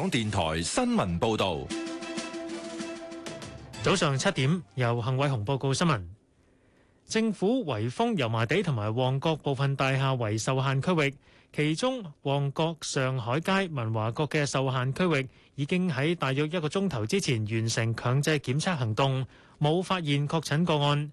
港電台新聞報道，早上七點由幸偉雄報告新聞。政府圍封油麻地同埋旺角部分大廈為受限區域，其中旺角上海街、文華閣嘅受限區域已經喺大約一個鐘頭之前完成強制檢測行動，冇發現確診個案。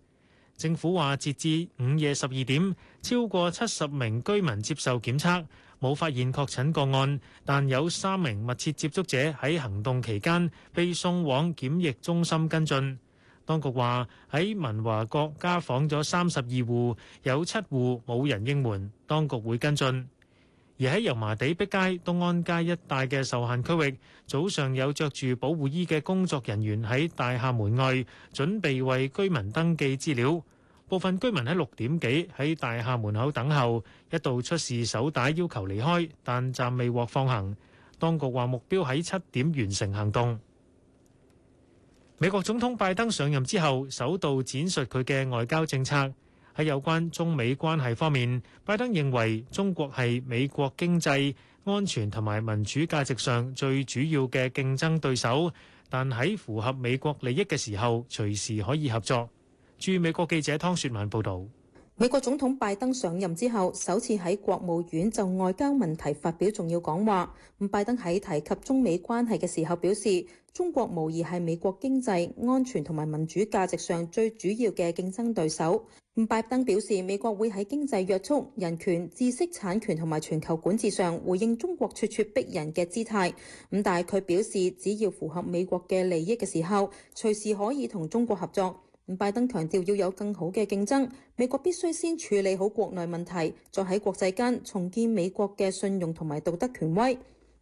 政府話截至午夜十二點，超過七十名居民接受檢測。冇發現確診個案，但有三名密切接觸者喺行動期間被送往檢疫中心跟進。當局話喺文華閣家訪咗三十二戶，有七戶冇人應門，當局會跟進。而喺油麻地碧街、東安街一帶嘅受限區域，早上有著住保護衣嘅工作人員喺大廈門外準備為居民登記資料。部分居民喺六點幾喺大廈門口等候，一度出示手帶要求離開，但暫未獲放行。當局話目標喺七點完成行動。美國總統拜登上任之後，首度展述佢嘅外交政策。喺有關中美關係方面，拜登認為中國係美國經濟安全同埋民主價值上最主要嘅競爭對手，但喺符合美國利益嘅時候，隨時可以合作。駐美國記者湯雪文報道，美國總統拜登上任之後，首次喺國務院就外交問題發表重要講話。拜登喺提及中美關係嘅時候，表示中國無疑係美國經濟、安全同埋民主價值上最主要嘅競爭對手。拜登表示，美國會喺經濟約束、人權、知識產權同埋全球管治上回應中國咄咄逼人嘅姿態。咁，但係佢表示，只要符合美國嘅利益嘅時候，隨時可以同中國合作。拜登強調要有更好嘅競爭，美國必須先處理好國內問題，再喺國際間重建美國嘅信用同埋道德權威。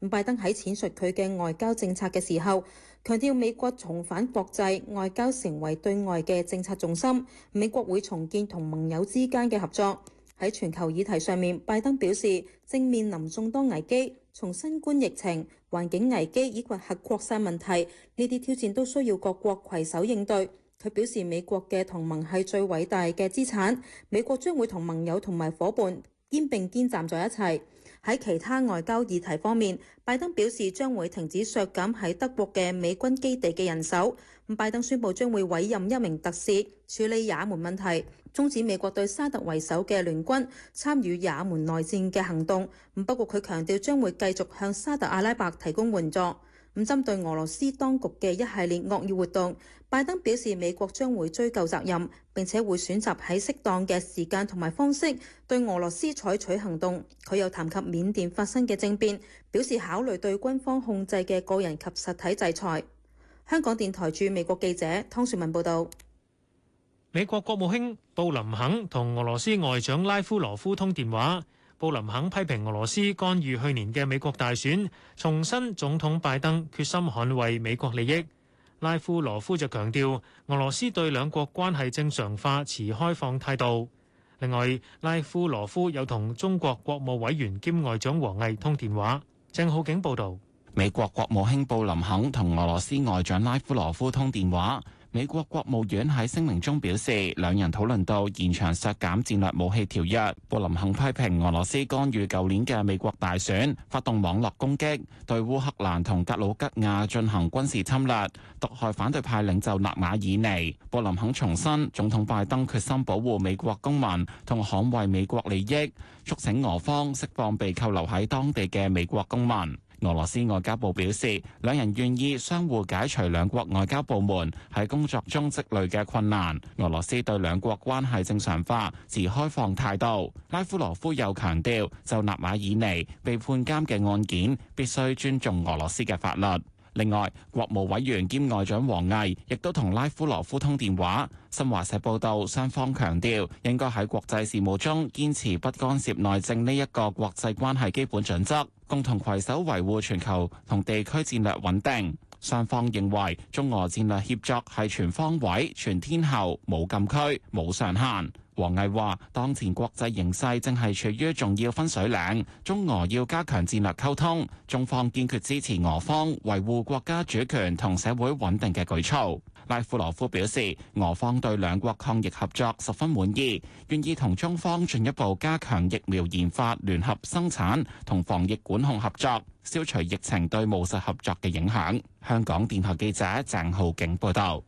拜登喺闡述佢嘅外交政策嘅時候，強調美國重返國際外交成為對外嘅政策重心。美國會重建同盟友之間嘅合作。喺全球議題上面，拜登表示正面臨眾多危機，從新冠疫情、環境危機以及核擴散問題呢啲挑戰，都需要各國攜手應對。佢表示美國嘅同盟係最偉大嘅資產，美國將會同盟友同埋夥伴肩並並肩站在一齊。喺其他外交議題方面，拜登表示將會停止削減喺德國嘅美軍基地嘅人手。拜登宣布將會委任一名特使處理也門問題，終止美國對沙特為首嘅聯軍參與也門內戰嘅行動。不過，佢強調將會繼續向沙特阿拉伯提供援助。咁針對俄羅斯當局嘅一系列惡意活動，拜登表示美國將會追究責任，並且會選擇喺適當嘅時間同埋方式對俄羅斯採取行動。佢又談及緬甸發生嘅政變，表示考慮對軍方控制嘅個人及實體制裁。香港電台駐美國記者湯雪文報道，美國國務卿布林肯同俄羅斯外長拉夫羅夫通電話。布林肯批評俄羅斯干預去年嘅美國大選，重申總統拜登決心捍衛美國利益。拉夫羅夫就強調，俄羅斯對兩國關係正常化持開放態度。另外，拉夫羅夫又同中國國務委員兼外長王毅通電話。鄭浩景報道：美國國務卿布林肯同俄羅斯外長拉夫羅夫通電話。美國國務院喺聲明中表示，兩人討論到延長削減戰略武器條約，布林肯批評俄羅斯干預舊年嘅美國大選，發動網絡攻擊，對烏克蘭同格魯吉亞進行軍事侵略，毒害反對派領袖納馬爾尼。布林肯重申，總統拜登決心保護美國公民同捍衛美國利益，促請俄方釋放被扣留喺當地嘅美國公民。俄羅斯外交部表示，兩人願意相互解除兩國外交部門喺工作中積累嘅困難。俄羅斯對兩國關係正常化，持開放態度。拉夫羅夫又強調，就納馬爾尼被判監嘅案件，必須尊重俄羅斯嘅法律。另外，國務委員兼外長王毅亦都同拉夫羅夫通電話。新華社報道，雙方強調應該喺國際事務中堅持不干涉內政呢一個國際關係基本準則，共同攜手維護全球同地區戰略穩定。雙方認為中俄戰略協作係全方位、全天候，冇禁區、冇上限。王毅話：當前國際形勢正係處於重要分水嶺，中俄要加強戰略溝通，中方堅決支持俄方維護國家主權同社會穩定嘅舉措。拉夫羅夫表示，俄方對兩國抗疫合作十分滿意，願意同中方進一步加強疫苗研發、聯合生產同防疫管控合作，消除疫情對務實合作嘅影響。香港電台記者鄭浩景報道。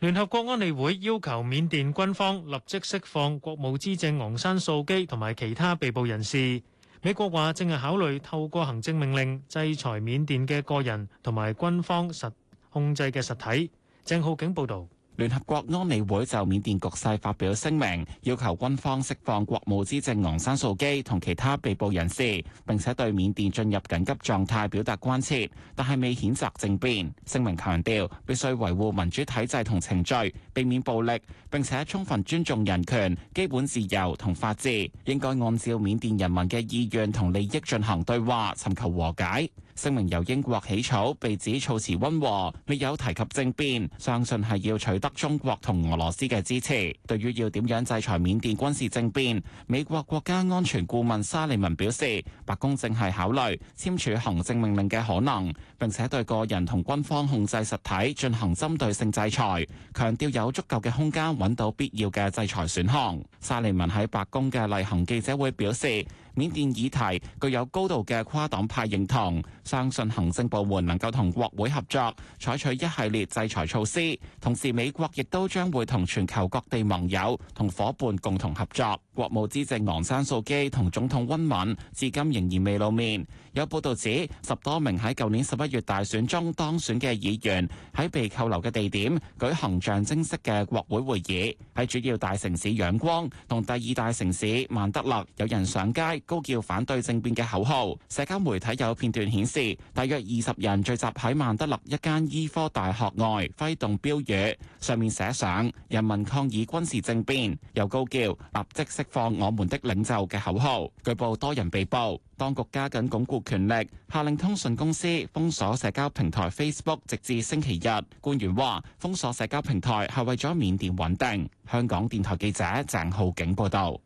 聯合國安理會要求緬甸軍方立即釋放國務資政昂山素基同埋其他被捕人士。美國話正係考慮透過行政命令制裁緬甸嘅個人同埋軍方實控制嘅實體。鄭浩景報導。聯合國安理會就緬甸局勢發表聲明，要求軍方釋放國務資政昂山素基同其他被捕人士，並且對緬甸進入緊急狀態表達關切，但係未譴責政變。聲明強調必須維護民主體制同程序，避免暴力，並且充分尊重人權、基本自由同法治，應該按照緬甸人民嘅意願同利益進行對話，尋求和解。聲明由英國起草，被指措辭溫和，未有提及政變，相信係要取得中國同俄羅斯嘅支持。對於要點樣制裁緬甸軍事政變，美國國家安全顧問沙利文表示，白宮正係考慮簽署行政命令嘅可能，並且對個人同軍方控制實體進行針對性制裁，強調有足夠嘅空間揾到必要嘅制裁選項。沙利文喺白宮嘅例行記者會表示。緬甸議題具有高度嘅跨黨派認同，相信行政部門能夠同國會合作，採取一系列制裁措施。同時，美國亦都將會同全球各地盟友同夥伴共同合作。國務資政昂山素基同總統温敏至今仍然未露面。有報道指，十多名喺舊年十一月大選中當選嘅議員喺被扣留嘅地點舉行象徵式嘅國會會議。喺主要大城市仰光同第二大城市曼德勒，有人上街高叫反對政變嘅口號。社交媒體有片段顯示，大約二十人聚集喺曼德勒一間醫、e、科大學醫科大學外，揮動標語，上面寫上“人民抗議軍事政變”，又高叫“立即釋”放我們的領袖嘅口號，據報多人被捕，當局加緊鞏固權力，下令通訊公司封鎖社交平台 Facebook，直至星期日。官員話：封鎖社交平台係為咗緬甸穩定。香港電台記者鄭浩景報道，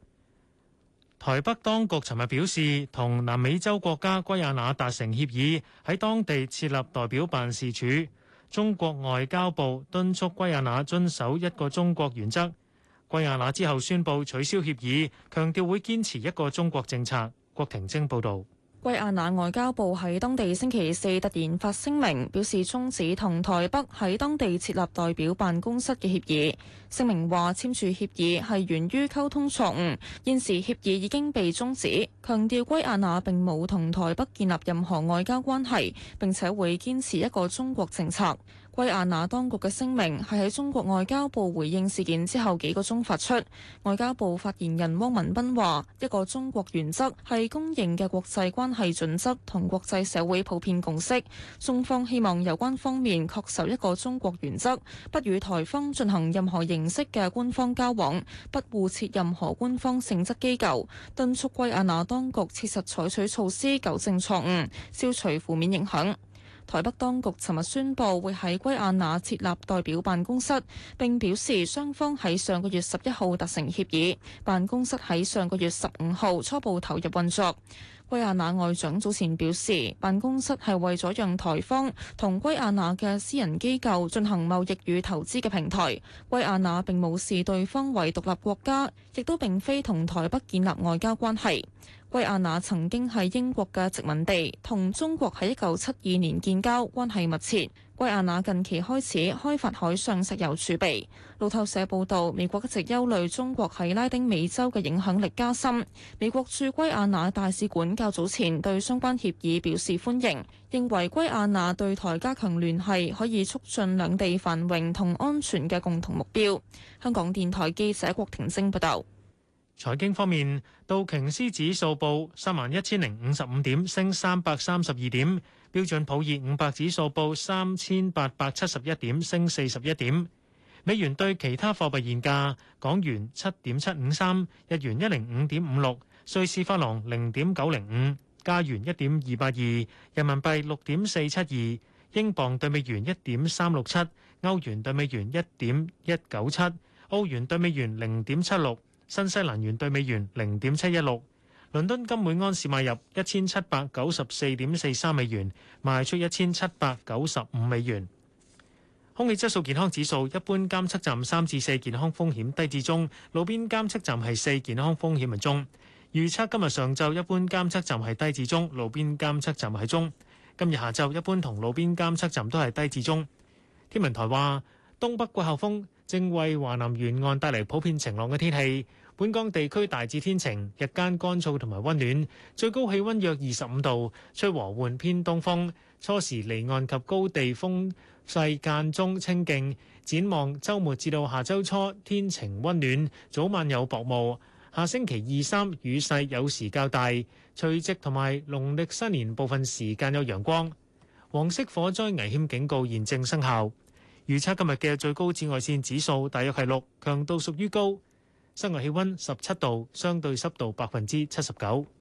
台北當局尋日表示，同南美洲國家圭亞那達成協議，喺當地設立代表辦事處。中國外交部敦促圭亞那遵守一個中國原則。圭亞那之後宣布取消協議，強調會堅持一個中國政策。郭婷晶報道，圭亞那外交部喺當地星期四突然發聲明，表示終止同台北喺當地設立代表辦公室嘅協議。聲明話簽署協議係源於溝通錯誤，現時協議已經被終止，強調圭亞那並冇同台北建立任何外交關係，並且會堅持一個中國政策。圭亞那當局嘅聲明係喺中國外交部回應事件之後幾個鐘發出。外交部發言人汪文斌話：一個中國原則係公認嘅國際關係準則同國際社會普遍共識。中方希望有關方面恪守一個中國原則，不與台方進行任何形式嘅官方交往，不互設任何官方性質機構，敦促圭亞那當局切實採取措施糾正錯誤，消除負面影響。台北當局尋日宣布會喺圭亞那設立代表辦公室，並表示雙方喺上個月十一號達成協議，辦公室喺上個月十五號初步投入運作。圭亞那外長早前表示，辦公室係為咗讓台方同圭亞那嘅私人機構進行貿易與投資嘅平台。圭亞那並冇視對方為獨立國家，亦都並非同台北建立外交關係。圭亞那曾經係英國嘅殖民地，同中國喺一九七二年建交，關係密切。圭亞那近期開始開發海上石油儲備。路透社報道，美國一直憂慮中國喺拉丁美洲嘅影響力加深。美國駐圭亞那大使館較早前對相關協議表示歡迎，認為圭亞那對台加強聯繫可以促進兩地繁榮同安全嘅共同目標。香港電台記者郭婷晶報道。財經方面，道瓊斯指數報三萬一千零五十五點，升三百三十二點；標準普爾五百指數報三千八百七十一點，升四十一點。美元對其他貨幣現價：港元七點七五三，日元一零五點五六，瑞士法郎零點九零五，加元一點二八二，人民幣六點四七二，英鎊兌美元一點三六七，歐元兌美元一點一九七，澳元兌美元零點七六。新西蘭元兌美元零點七一六，倫敦金每安士買入一千七百九十四點四三美元，賣出一千七百九十五美元。空氣質素健康指數，一般監測站三至四，健康風險低至中，路邊監測站係四，健康風險為中。預測今日上晝一般監測站係低至中，路邊監測站係中。今日下晝一般同路邊監測站都係低至中。天文台話東北季候風，正為華南沿岸帶嚟普遍晴朗嘅天氣，本港地區大致天晴，日間乾燥同埋温暖，最高氣温約二十五度，吹和緩偏東風。初時離岸及高地風勢間中清勁。展望週末至到下周初天晴温暖，早晚有薄霧。下星期二三雨勢有時較大，除夕同埋農曆新年部分時間有陽光。黃色火災危險警告現正生效。預測今日嘅最高紫外線指數大約係六，強度屬於高。室外氣溫十七度，相對濕度百分之七十九。